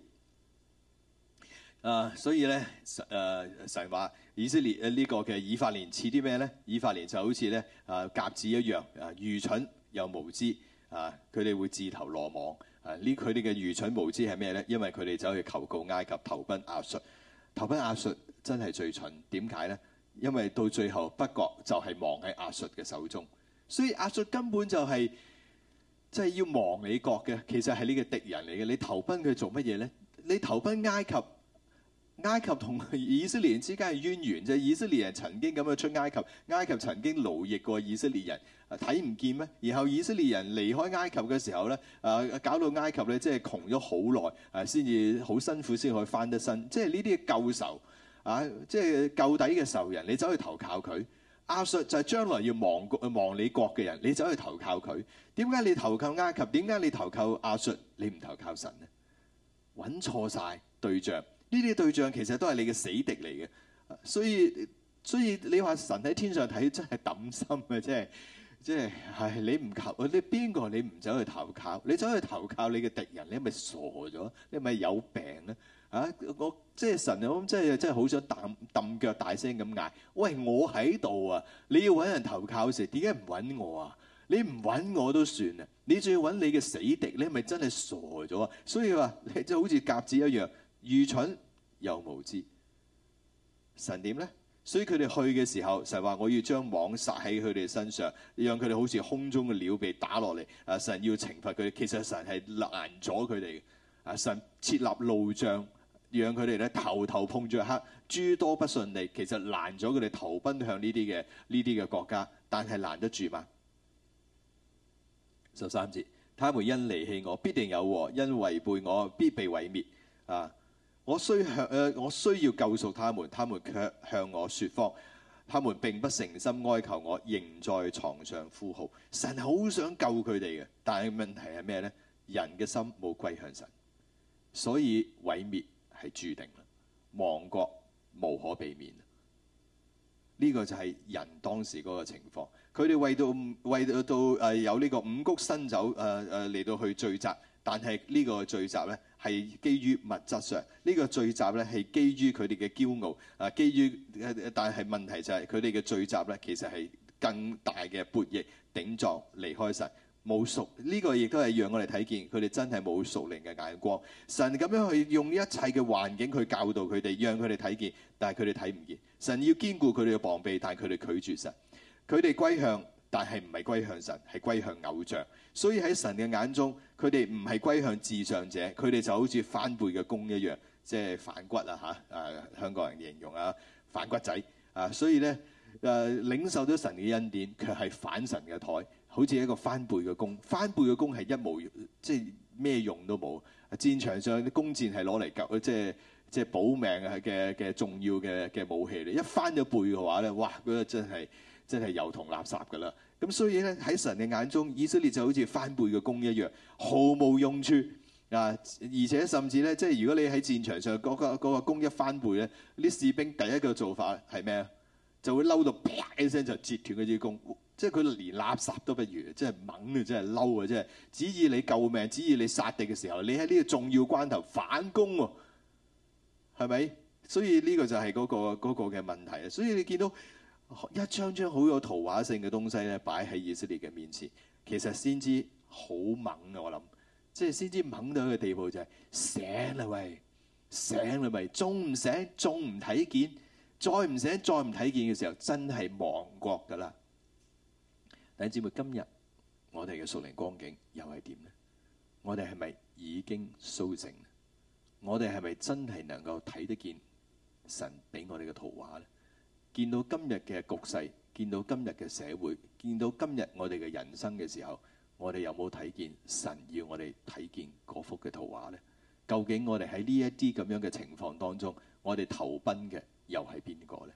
啊，所以咧、呃，神神話以色列誒呢個嘅以法蓮似啲咩咧？以法蓮就好似咧啊鴿子一樣啊，愚蠢又無知啊！佢哋會自投羅網啊！呢佢哋嘅愚蠢無知係咩咧？因為佢哋走去求告埃及投奔亞述，投奔亞述真係最蠢。點解咧？因為到最後北國就係亡喺亞述嘅手中，所以亞述根本就係即係要亡你國嘅，其實係你嘅敵人嚟嘅。你投奔佢做乜嘢咧？你投奔埃及。埃及同以色列人之間嘅淵源就係以色列人曾經咁樣出埃及，埃及曾經奴役過以色列人，啊、睇唔見咩？然後以色列人離開埃及嘅時候咧，誒、啊、搞到埃及咧，即係窮咗好耐，誒先至好辛苦先可以翻得身。即係呢啲舊仇啊，即係舊底嘅仇人，你走去投靠佢，亞述就係將來要亡國亡你國嘅人，你走去投靠佢，點解你投靠埃及？點解你投靠亞述？你唔投靠神咧？揾錯晒對象。呢啲對象其實都係你嘅死敵嚟嘅，所以所以你話神喺天上睇真係抌心嘅，即係即係係你唔投，你邊個你唔走去投靠？你走去投靠你嘅敵人，你咪傻咗？你咪有病咧？啊！我即係神啊！我即係即係好想抌抌腳，大聲咁嗌：喂！我喺度啊！你要揾人投靠時，點解唔揾我啊？你唔揾我都算啊！你仲要揾你嘅死敵？你咪真係傻咗啊！所以話你即係好似鴿子一樣愚蠢。又無知，神點呢？所以佢哋去嘅時候，神話，我要將網撒喺佢哋身上，讓佢哋好似空中嘅鳥被打落嚟。啊，神要懲罰佢哋，其實神係攔阻佢哋啊，神設立路障，讓佢哋咧頭頭碰著黑，諸多不順利。其實攔阻佢哋投奔向呢啲嘅呢啲嘅國家，但係攔得住嗎？十三節，他們因離棄我，必定有禍；因違背我，必被毀滅。啊！我需向誒，我需要救贖他們，他們卻向我説謊，他們並不誠心哀求我，仍在床上呼號。神好想救佢哋嘅，但係問題係咩咧？人嘅心冇歸向神，所以毀滅係注定啦，亡國無可避免。呢個就係人當時嗰個情況。佢哋為到為到到有呢個五穀新酒誒誒嚟到去聚集，但係呢個聚集咧。係基於物質上，呢、這個聚集咧係基於佢哋嘅驕傲，啊基於，但係問題就係佢哋嘅聚集咧，其實係更大嘅叛逆、頂撞、離開神，冇熟呢、這個亦都係讓我哋睇見佢哋真係冇熟練熟靈嘅眼光。神咁樣去用一切嘅環境去教導佢哋，讓佢哋睇見，但係佢哋睇唔見。神要堅固佢哋嘅防備，但係佢哋拒絕神，佢哋歸向。但係唔係歸向神，係歸向偶像。所以喺神嘅眼中，佢哋唔係歸向至上者，佢哋就好似翻背嘅弓一樣，即係反骨啊嚇！啊，香港人形容啊，反骨仔啊。所以咧，誒領受咗神嘅恩典，卻係反神嘅台，好似一個翻背嘅弓。翻背嘅弓係一冇，即係咩用都冇。戰場上啲弓箭係攞嚟救，即係即係保命嘅嘅嘅重要嘅嘅武器嚟。一翻咗背嘅話咧，哇！嗰個真係～真係油同垃圾㗎啦！咁所以咧喺神嘅眼中，以色列就好似翻倍嘅弓一樣，毫無用處啊！而且甚至咧，即係如果你喺戰場上嗰個嗰個弓一翻倍咧，啲士兵第一個做法係咩啊？就會嬲到啪一聲就截斷嗰支弓，即係佢連垃圾都不如，即係猛啊！真係嬲啊！即係指意你救命，指意你殺敵嘅時候，你喺呢個重要關頭反攻喎，哦，係咪？所以呢個就係嗰個嗰個嘅問題啊！所以你見到。一張張好有圖畫性嘅東西咧，擺喺以色列嘅面前，其實先知好猛啊。我諗，即係先知猛到一個地步就係醒啦喂，醒啦喂，仲唔醒，仲唔睇見，再唔醒，再唔睇見嘅時候，真係亡國噶啦！弟兄姊妹，今日我哋嘅屬靈光景又係點呢？我哋係咪已經甦醒？我哋係咪真係能夠睇得見神俾我哋嘅圖畫咧？見到今日嘅局勢，見到今日嘅社會，見到今日我哋嘅人生嘅時候，我哋有冇睇見神要我哋睇見嗰幅嘅圖畫呢？究竟我哋喺呢一啲咁樣嘅情況當中，我哋投奔嘅又係邊個呢？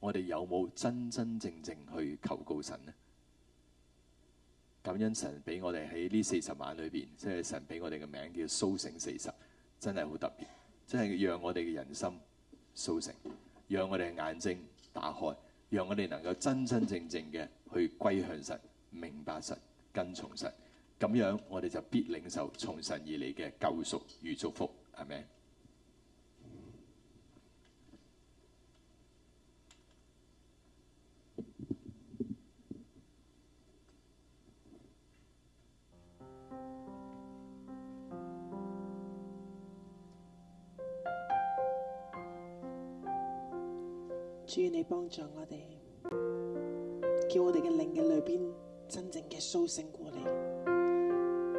我哋有冇真真正正去求告神呢？感恩神俾我哋喺呢四十晚裏邊，即係神俾我哋嘅名叫甦醒四十，真係好特別，真係讓我哋嘅人心甦醒。讓我哋眼睛打開，讓我哋能夠真真正正嘅去歸向神、明白神、跟從神，咁樣我哋就必領受從神而嚟嘅救贖與祝福，係咪？主你幫助我哋，叫我哋嘅靈嘅裏邊真正嘅甦醒過嚟。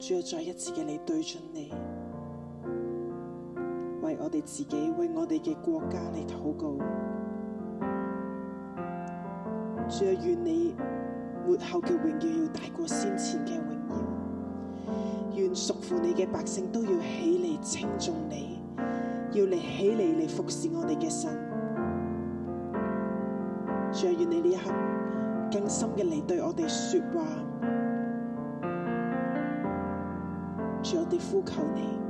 主啊，再一次嘅嚟對準你，為我哋自己，為我哋嘅國家嚟禱告。主啊，願你活後嘅榮耀要大過先前嘅榮耀。願屬乎你嘅百姓都要起嚟稱頌你，要嚟起嚟嚟服侍我哋嘅神。主，願你這一刻更深地嚟，對我哋說話，主，我哋呼求你。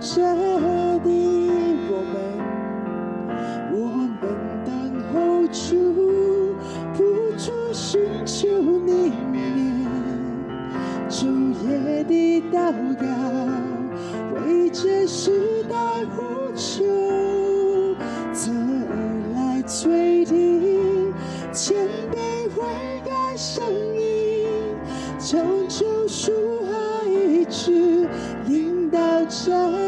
這裡我們，我們等候主，不住尋求你面，晝夜的禱告，為這時代呼求，側耳垂聽謙卑悔改聲音，將救贖和醫治引導着。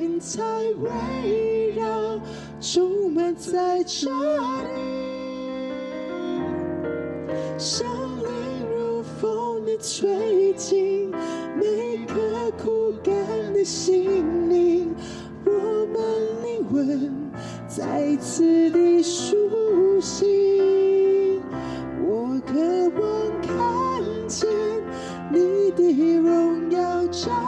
雲彩圍繞，充滿在這裏。生命如風，你吹進每顆枯乾的心靈。我們靈魂在此地蘇醒。我渴望看見你的榮耀照。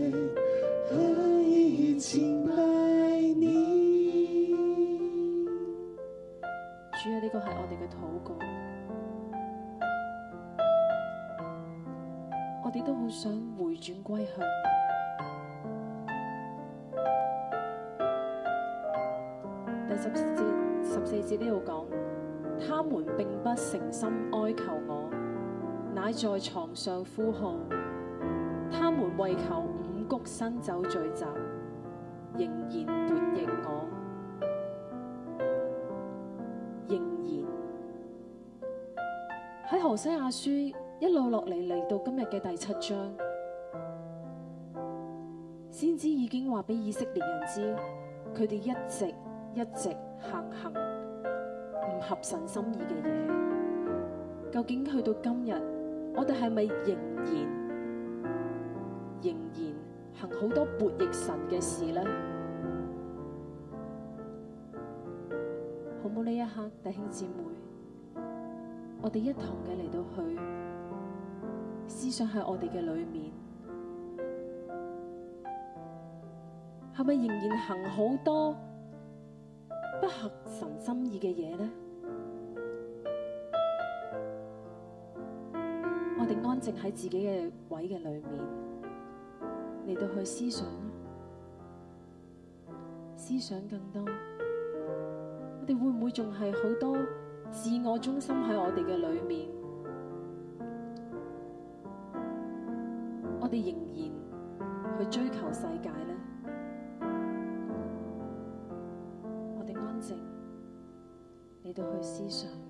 都好想回轉歸去。第十四節，十四節呢度講，他們並不誠心哀求我，乃在床上呼號。他們為求五穀新酒聚集，仍然悖逆我，仍然喺何西亞書。一路落嚟嚟到今日嘅第七章，先知已經話俾以色列人知，佢哋一直一直行行唔合神心意嘅嘢。究竟去到今日，我哋係咪仍然仍然行好多悖逆神嘅事呢？好冇呢一刻，弟兄姊妹，我哋一同嘅嚟到去。思想喺我哋嘅裏面，係咪仍然行好多不合神心意嘅嘢呢？我哋安靜喺自己嘅位嘅裏面，嚟到去思想，思想更多，我哋會唔會仲係好多自我中心喺我哋嘅裏面？你仍然去追求世界咧，我哋安靜嚟到去思想。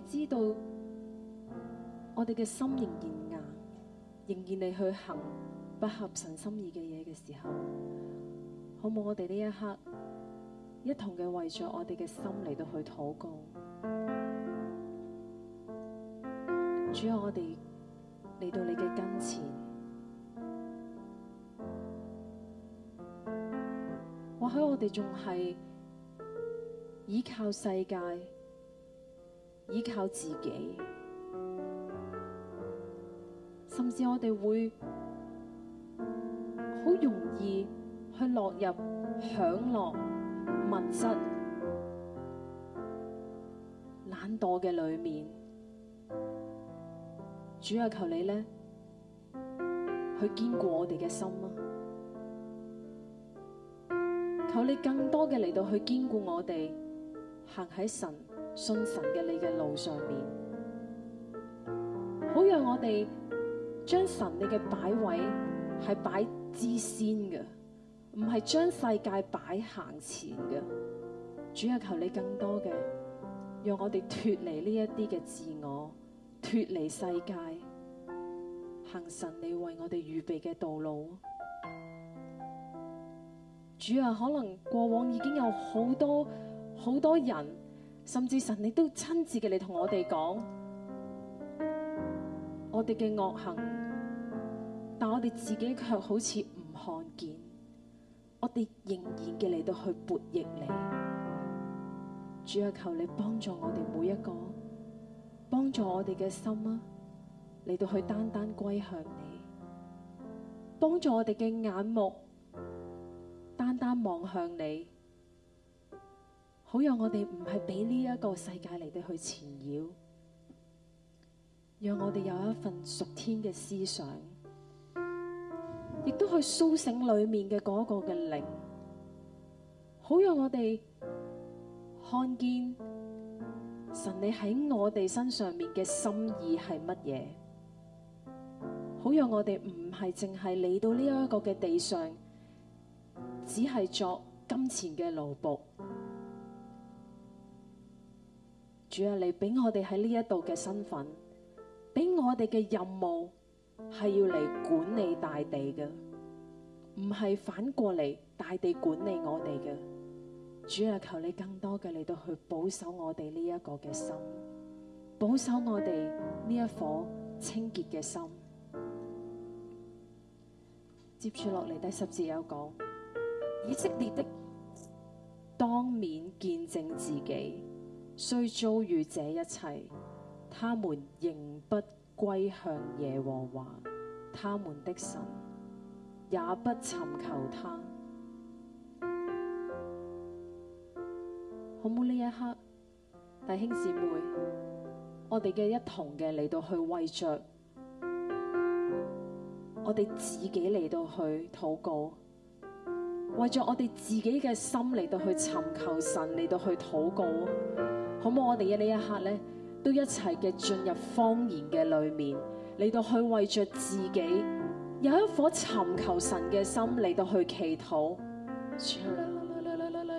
你知道我哋嘅心仍然硬，仍然你去行不合神心意嘅嘢嘅時候，好冇，我哋呢一刻一同嘅為着我哋嘅心嚟到去禱告。主啊，我哋嚟到你嘅跟前，或許我哋仲係依靠世界，依靠自己，甚至我哋會好容易去落入享樂、物質、懶惰嘅裏面。主要求你呢，去堅固我哋嘅心啦，啊。求你更多嘅嚟到去堅固我哋，行喺神。信神嘅你嘅路上面，好讓我哋將神你嘅擺位係擺之先嘅，唔係將世界擺行前嘅。主要求你更多嘅，讓我哋脫離呢一啲嘅自我，脫離世界，行神你為我哋預備嘅道路。主啊，可能過往已經有好多好多人。甚至神，你都親自嘅嚟同我哋講我哋嘅惡行，但我哋自己卻好似唔看見，我哋仍然嘅嚟到去悖逆你。主啊，求你幫助我哋每一個，幫助我哋嘅心啊，嚟到去單單歸向你，幫助我哋嘅眼目單單望向你。好讓我哋唔係俾呢一個世界嚟到去纏繞，讓我哋有一份屬天嘅思想，亦都去甦醒裏面嘅嗰個嘅靈，好讓我哋看見神你喺我哋身上面嘅心意係乜嘢，好讓我哋唔係淨係嚟到呢一個嘅地上，只係作金錢嘅奴僕。主啊，你俾我哋喺呢一度嘅身份，俾我哋嘅任務係要嚟管理大地嘅，唔係反過嚟大地管理我哋嘅。主啊，求你更多嘅嚟到去保守我哋呢一個嘅心，保守我哋呢一顆清潔嘅心。接住落嚟第十節有講，以色列的當面見證自己。雖遭遇這一切，他們仍不歸向耶和華，他們的神也不尋求他。好唔好呢一刻，弟兄姊妹，我哋嘅一同嘅嚟到去為着我哋自己嚟到去禱告，為著我哋自己嘅心嚟到去尋求神嚟到去禱告。好冇我哋嘅呢一刻咧，都一齊嘅進入方言嘅裏面，嚟到去為着自己有一顆尋求神嘅心嚟到去祈禱。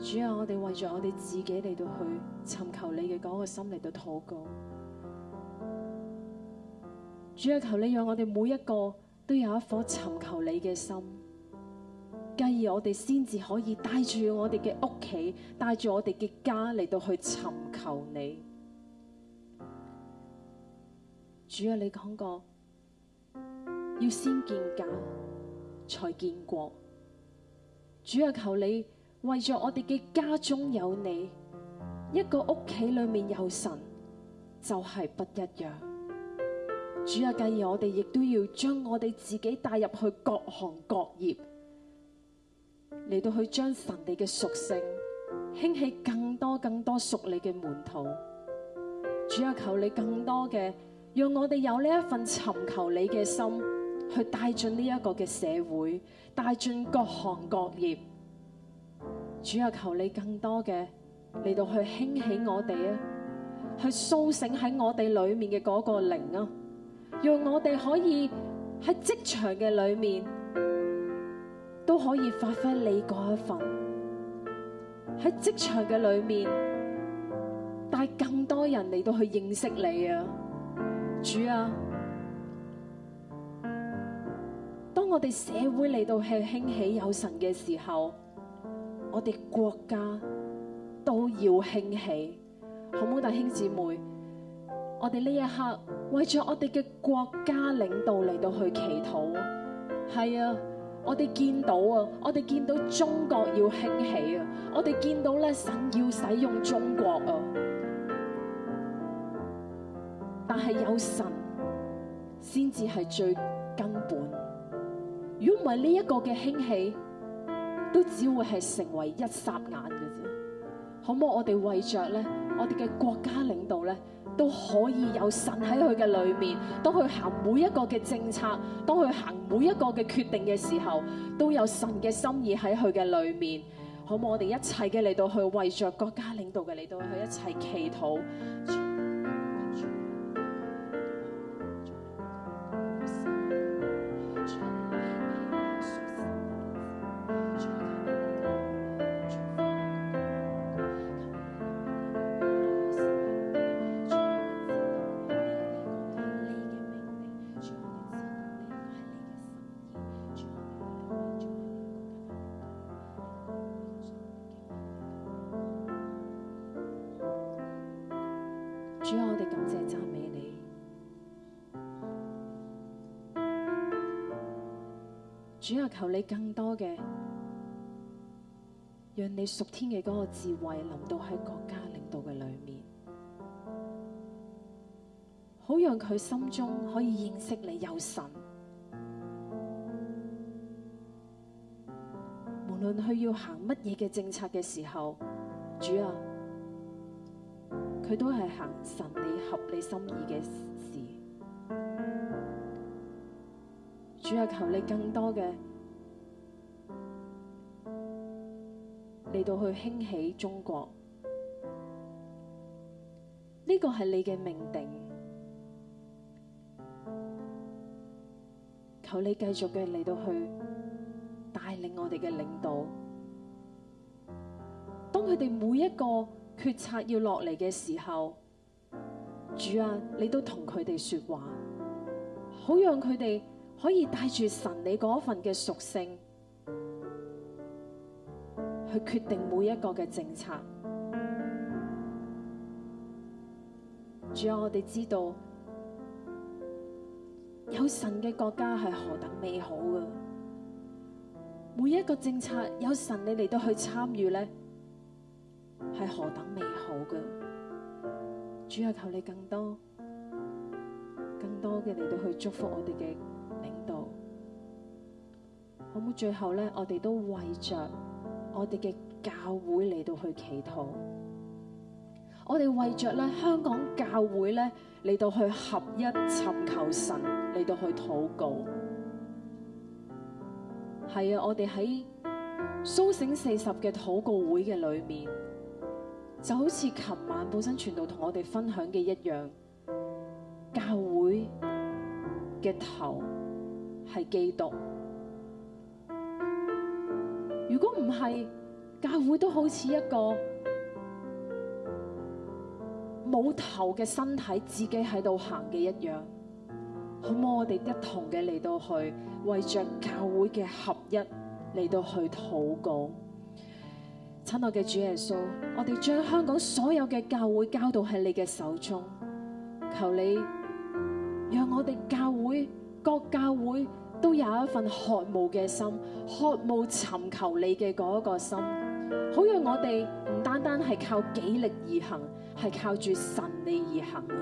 主要我哋為咗我哋自己嚟到去尋求你嘅嗰個心嚟到禱告，主要求你讓我哋每一個都有一顆尋求你嘅心，繼而我哋先至可以帶住我哋嘅屋企，帶住我哋嘅家嚟到去尋求你。主啊，你講過要先建教才建國。主啊，求你為咗我哋嘅家中有你，一個屋企裏面有神就係、是、不一樣。主啊，繼而我哋亦都要將我哋自己帶入去各行各業，嚟到去將神地嘅屬性興起更多更多屬你嘅門徒。主啊，求你更多嘅。讓我哋有呢一份尋求你嘅心，去帶進呢一個嘅社會，帶進各行各業。主要求你更多嘅，嚟到去興起我哋啊，去蘇醒喺我哋裏面嘅嗰個靈啊，讓我哋可以喺職場嘅裏面都可以發揮你嗰一份，喺職場嘅裏面帶更多人嚟到去認識你啊！主啊，當我哋社會嚟到係興起有神嘅時候，我哋國家都要興起，好唔好？弟兄姊妹，我哋呢一刻為咗我哋嘅國家領導嚟到去祈禱，係啊，我哋見到啊，我哋見到中國要興起啊，我哋見到咧神要使用中國啊。但係有神，先至係最根本。如果唔係呢一個嘅興起，都只會係成為一霎眼嘅啫。好冇，我哋為着咧，我哋嘅國家領導咧，都可以有神喺佢嘅裏面。當佢行每一個嘅政策，當佢行每一個嘅決定嘅時候，都有神嘅心意喺佢嘅裏面。好冇，我哋一切嘅嚟到去為着國家領導嘅嚟到去一齊祈禱。主啊，求你更多嘅，讓你屬天嘅嗰個智慧臨到喺國家領導嘅裏面，好讓佢心中可以認識你有神。無論佢要行乜嘢嘅政策嘅時候，主啊，佢都係行神你合你心意嘅事。主啊，求你更多嘅嚟到去興起中國，呢個係你嘅命定。求你繼續嘅嚟到去帶領我哋嘅領導。當佢哋每一個決策要落嚟嘅時候，主啊，你都同佢哋說話，好讓佢哋。可以帶住神你嗰份嘅屬性去決定每一個嘅政策。主要我哋知道有神嘅國家係何等美好㗎。每一個政策有神你嚟到去參與咧，係何等美好㗎。主要求你更多、更多嘅嚟到去祝福我哋嘅。咁，到最後咧，我哋都為着我哋嘅教會嚟到去祈禱。我哋為着咧香港教會咧嚟到去合一尋求神嚟到去禱告。係啊，我哋喺蘇醒四十嘅禱告會嘅裏面，就好似琴晚本身傳道同我哋分享嘅一樣，教會嘅頭係基督。如果唔係，教會都好似一個冇頭嘅身體，自己喺度行嘅一樣。好冇，我哋一同嘅嚟到去為着教會嘅合一嚟到去禱告？親愛嘅主耶穌，我哋將香港所有嘅教會交到喺你嘅手中，求你讓我哋教會各教會。都有一份渴慕嘅心，渴慕尋求你嘅嗰一個心，好讓我哋唔單單係靠己力而行，係靠住神力而行啊！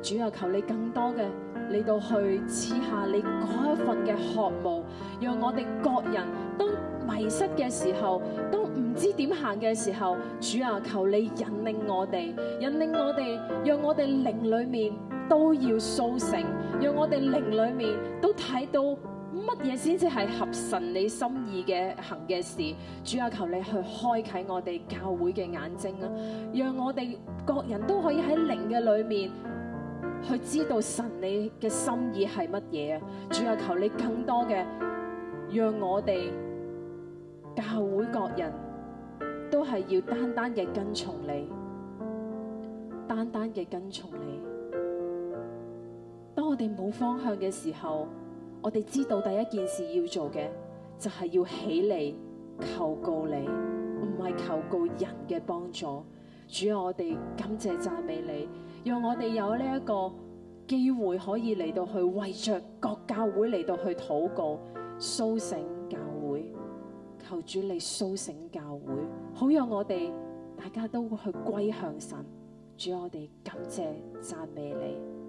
主啊，求你更多嘅，你到去賜下你嗰一份嘅渴慕，讓我哋各人都迷失嘅時候，都唔知點行嘅時候，主啊，求你引領我哋，引領我哋，讓我哋靈裏面都要甦醒，讓我哋靈裏面都睇到。乜嘢先至係合神你心意嘅行嘅事？主要求你去開啟我哋教會嘅眼睛啊，讓我哋各人都可以喺靈嘅裏面去知道神你嘅心意係乜嘢啊！主要求你更多嘅，讓我哋教會各人都係要單單嘅跟從你，單單嘅跟從你。當我哋冇方向嘅時候，我哋知道第一件事要做嘅，就係要起嚟求告你，唔係求告人嘅幫助。主，我哋感謝讚美你，讓我哋有呢一個機會可以嚟到去為着各教會嚟到去禱告，蘇醒教會。求主你蘇醒教會，好讓我哋大家都去歸向神。主，我哋感謝讚美你。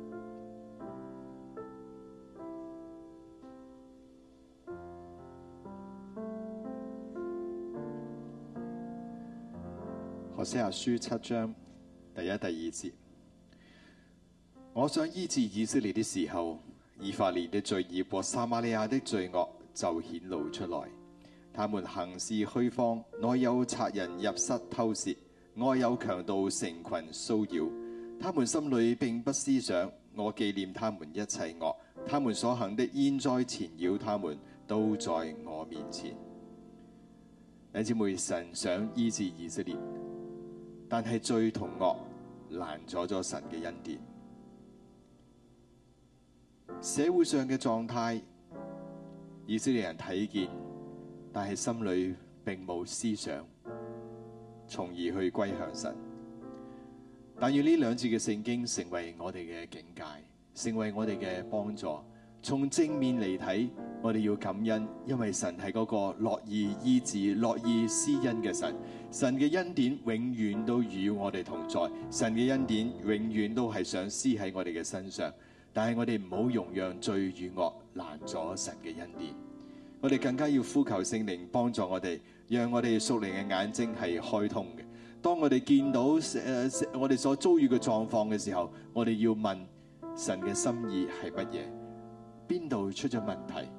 我何西阿書七章第一、第二節。我想醫治以色列的時候，以法蓮的罪孽和撒瑪利亞的罪惡就顯露出來。他們行事虛謊，內有賊人入室偷竊，外有強盜成群騷擾。他們心裏並不思想我紀念他們一切惡，他們所行的現在纏繞他們，都在我面前。弟兄姊妹，神想醫治以色列。但係罪同惡攔阻咗神嘅恩典，社會上嘅狀態，以色列人睇見，但係心裏並冇思想，從而去歸向神。但願呢兩節嘅聖經成為我哋嘅警戒，成為我哋嘅幫助。從正面嚟睇，我哋要感恩，因為神係嗰個樂意醫治、樂意施恩嘅神。神嘅恩典永遠都與我哋同在，神嘅恩典永遠都係想施喺我哋嘅身上。但係我哋唔好容讓罪與惡攔阻神嘅恩典。我哋更加要呼求聖靈幫助我哋，讓我哋屬靈嘅眼睛係開通嘅。當我哋見到誒、呃、我哋所遭遇嘅狀況嘅時候，我哋要問神嘅心意係乜嘢。邊度出咗問題，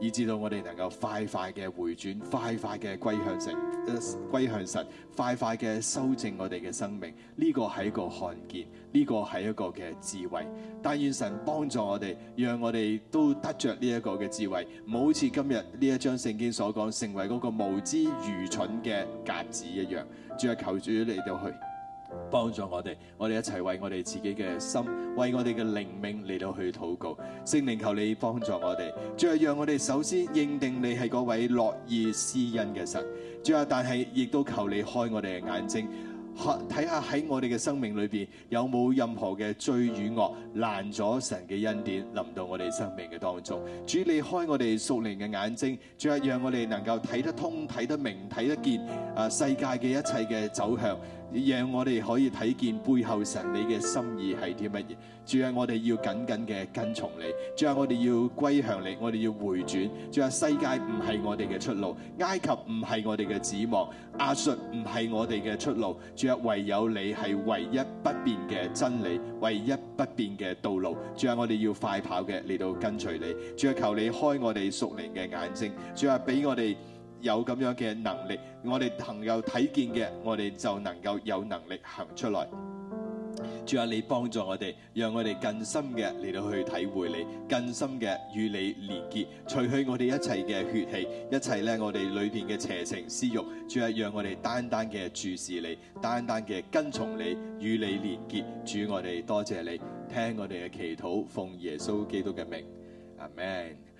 以至到我哋能夠快快嘅回轉，快快嘅歸向神，誒、歸向神，快快嘅修正我哋嘅生命。呢個係一個看見，呢個係一個嘅智慧。但願神幫助我哋，讓我哋都得着呢一個嘅智慧，唔好似今日呢一章聖經所講，成為嗰個無知愚蠢嘅鴿子一樣。主啊，求主嚟到去，幫助我哋，我哋一齊為我哋自己嘅心，為我哋嘅靈命嚟到去禱告。聖靈求你幫助我哋，最後讓我哋首先認定你係嗰位樂意施恩嘅神。最後，但係亦都求你開我哋嘅眼睛，睇下喺我哋嘅生命裏邊有冇任何嘅罪與惡攔咗神嘅恩典臨到我哋生命嘅當中。主，你開我哋屬靈嘅眼睛，最後讓我哋能夠睇得通、睇得明、睇得見啊世界嘅一切嘅走向。讓我哋可以睇見背後神你嘅心意係啲乜嘢，主啊，我哋要緊緊嘅跟從你，主啊，我哋要歸向你，我哋要回轉，主啊，世界唔係我哋嘅出路，埃及唔係我哋嘅指望，亞述唔係我哋嘅出路，主啊，唯有你係唯一不變嘅真理，唯一不變嘅道路，主啊，我哋要快跑嘅嚟到跟隨你，主啊，求你開我哋屬靈嘅眼睛，主啊，俾我哋。有咁樣嘅能力，我哋能夠睇見嘅，我哋就能夠有能力行出來。主啊，你幫助我哋，讓我哋更深嘅嚟到去體會你，更深嘅與你連結，除去我哋一切嘅血氣，一切咧我哋裏邊嘅邪情私欲。主啊，讓我哋單單嘅注視你，單單嘅跟從你，與你連結。主，我哋多謝你，聽我哋嘅祈禱，奉耶穌基督嘅名，阿們。